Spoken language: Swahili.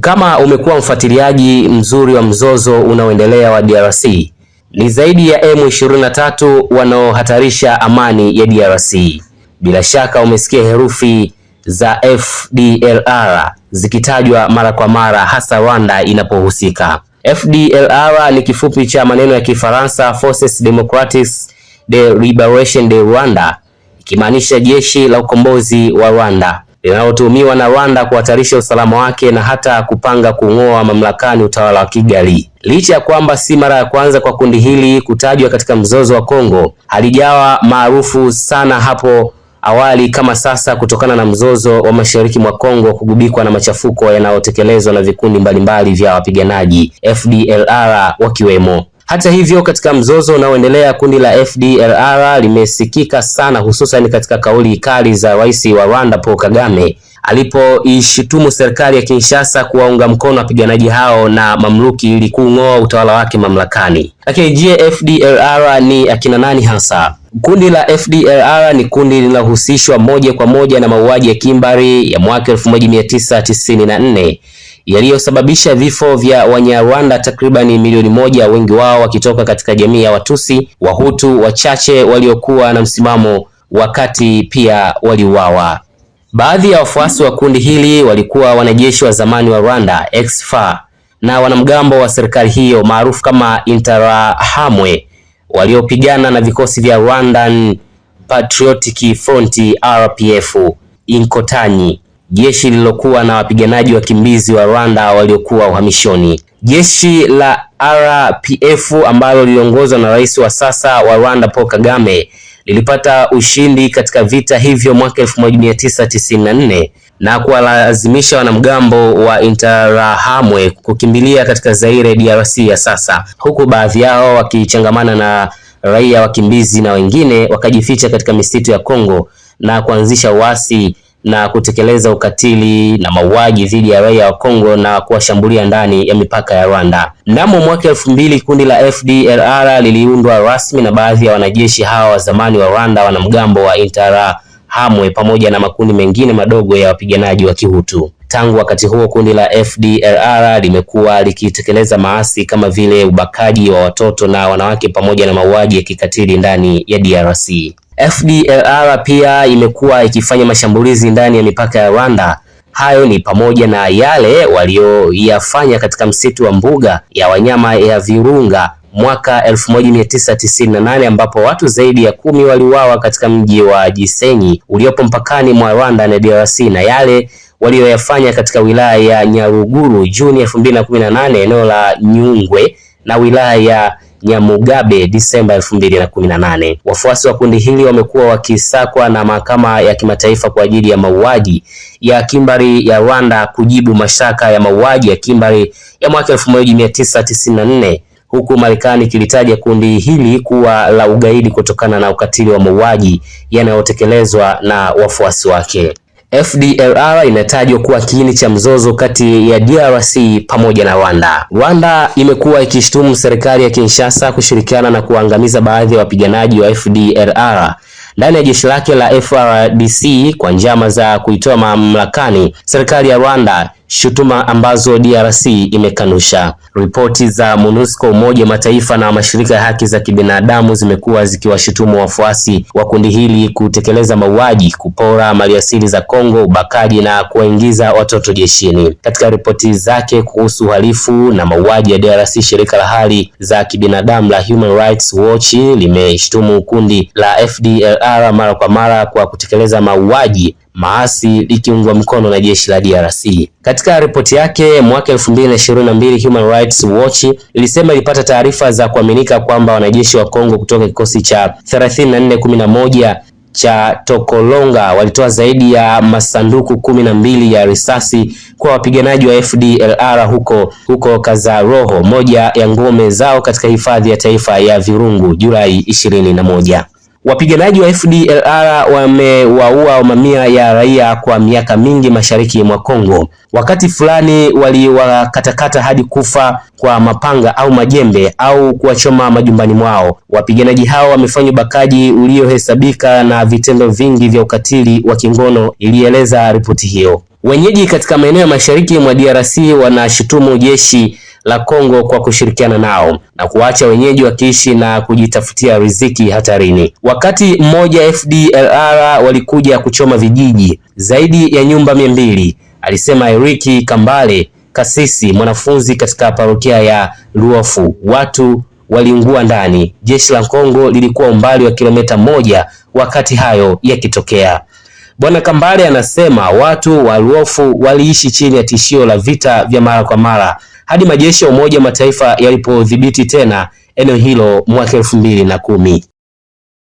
Kama umekuwa mfuatiliaji mzuri wa mzozo unaoendelea wa DRC, ni zaidi ya M23 wanaohatarisha amani ya DRC. Bila shaka umesikia herufi za FDLR zikitajwa mara kwa mara, hasa Rwanda inapohusika. FDLR ni kifupi cha maneno ya Kifaransa Forces Democratiques de Liberation de Rwanda, ikimaanisha jeshi la ukombozi wa Rwanda linalotuhumiwa na Rwanda kuhatarisha usalama wake na hata kupanga kung'oa mamlakani utawala wa Kigali. Licha ya kwamba si mara ya kwanza kwa kundi hili kutajwa katika mzozo wa Kongo, halijawa maarufu sana hapo awali kama sasa kutokana na mzozo wa mashariki mwa Kongo kugubikwa na machafuko yanayotekelezwa na vikundi mbalimbali vya wapiganaji FDLR wakiwemo hata hivyo, katika mzozo unaoendelea kundi la FDLR limesikika sana, hususan katika kauli kali za rais wa Rwanda Paul Kagame alipoishutumu serikali ya Kinshasa kuwaunga mkono wapiganaji hao na mamluki ili kuung'oa utawala wake mamlakani. Lakini je, FDLR ni akina nani hasa? Kundi la FDLR ni kundi linalohusishwa moja kwa moja na mauaji ya kimbari ya mwaka 1994 yaliyosababisha vifo vya Wanyarwanda takribani milioni moja, wengi wao wakitoka katika jamii ya Watusi, Wahutu wachache waliokuwa na msimamo wakati pia waliuawa. Baadhi ya wafuasi wa kundi hili walikuwa wanajeshi wa zamani wa Rwanda ex-FAR na wanamgambo wa serikali hiyo maarufu kama Interahamwe waliopigana na vikosi vya Rwandan Patriotic Front RPF Inkotanyi jeshi lililokuwa na wapiganaji wakimbizi wa Rwanda waliokuwa uhamishoni. Jeshi la RPF ambalo liliongozwa na rais wa sasa wa Rwanda Paul Kagame lilipata ushindi katika vita hivyo mwaka 1994 na kuwalazimisha wanamgambo wa Interahamwe kukimbilia katika Zaire DRC ya sasa, huku baadhi yao wakichangamana na raia wakimbizi na wengine wakajificha katika misitu ya Kongo na kuanzisha uasi na kutekeleza ukatili na mauaji dhidi ya raia wa Kongo na kuwashambulia ndani ya mipaka ya Rwanda. Mnamo mwaka elfu mbili kundi la FDLR liliundwa rasmi na baadhi ya wanajeshi hawa wa zamani wa Rwanda, wanamgambo wa Interahamwe pamoja na makundi mengine madogo ya wapiganaji wa Kihutu. Tangu wakati huo kundi la FDLR limekuwa likitekeleza maasi kama vile ubakaji wa watoto na wanawake pamoja na mauaji ya kikatili ndani ya DRC. FDLR pia imekuwa ikifanya mashambulizi ndani ya mipaka ya Rwanda. Hayo ni pamoja na yale walioyafanya katika msitu wa mbuga ya wanyama ya Virunga mwaka 1998 ambapo watu zaidi ya kumi waliuawa katika mji wa Gisenyi uliopo mpakani mwa Rwanda na DRC na yale walioyafanya katika wilaya ya Nyaruguru Juni 2018 eneo la Nyungwe na wilaya ya Mugabe Disemba 2018. Wafuasi wa kundi hili wamekuwa wakisakwa na mahakama ya kimataifa kwa ajili ya mauaji ya kimbari ya Rwanda kujibu mashtaka ya mauaji ya kimbari ya mwaka 1994 huku Marekani ikilitaja kundi hili kuwa la ugaidi kutokana na ukatili wa mauaji yanayotekelezwa na wafuasi wake. FDLR imetajwa kuwa kiini cha mzozo kati ya DRC pamoja na Rwanda. Rwanda imekuwa ikishtumu serikali ya Kinshasa kushirikiana na kuangamiza baadhi ya wapiganaji wa FDLR ndani ya jeshi lake la frdc kwa njama za kuitoa mamlakani serikali ya Rwanda shutuma ambazo DRC imekanusha. Ripoti za MONUSCO, Umoja Mataifa na mashirika ya haki za kibinadamu zimekuwa zikiwashutumu wafuasi wa kundi hili kutekeleza mauaji, kupora maliasili za Kongo, ubakaji na kuwaingiza watoto jeshini. Katika ripoti zake kuhusu uhalifu na mauaji ya DRC, shirika la hali za kibinadamu la Human Rights Watch limeshutumu kundi la FDLR mara kwa mara kwa kutekeleza mauaji maasi likiungwa mkono na jeshi la DRC. Katika ripoti yake mwaka 2022, Human Rights Watch ilisema ilipata taarifa za kuaminika kwamba wanajeshi wa Kongo kutoka kikosi cha 3411 cha Tokolonga walitoa zaidi ya masanduku kumi na mbili ya risasi kwa wapiganaji wa FDLR huko huko Kazaroho, moja ya ngome zao katika hifadhi ya taifa ya Virungu, Julai 21 Wapiganaji wa FDLR wamewaua mamia ya raia kwa miaka mingi mashariki mwa Kongo. Wakati fulani waliwakatakata hadi kufa kwa mapanga au majembe au kuwachoma majumbani mwao. Wapiganaji hao wamefanya ubakaji uliohesabika na vitendo vingi vya ukatili wa kingono, ilieleza ripoti hiyo. Wenyeji katika maeneo ya mashariki mwa DRC wanashutumu jeshi la Kongo kwa kushirikiana nao na kuacha wenyeji wakiishi na kujitafutia riziki hatarini. Wakati mmoja FDLR walikuja kuchoma vijiji zaidi ya nyumba mia mbili, alisema Eriki Kambale, kasisi mwanafunzi katika parokia ya Luofu. Watu waliungua ndani. Jeshi la Kongo lilikuwa umbali wa kilomita moja wakati hayo yakitokea. Bwana Kambale anasema watu wa Ruofu waliishi chini ya tishio la vita vya mara kwa mara hadi majeshi ya Umoja wa Mataifa yalipodhibiti tena eneo hilo mwaka elfu mbili na kumi.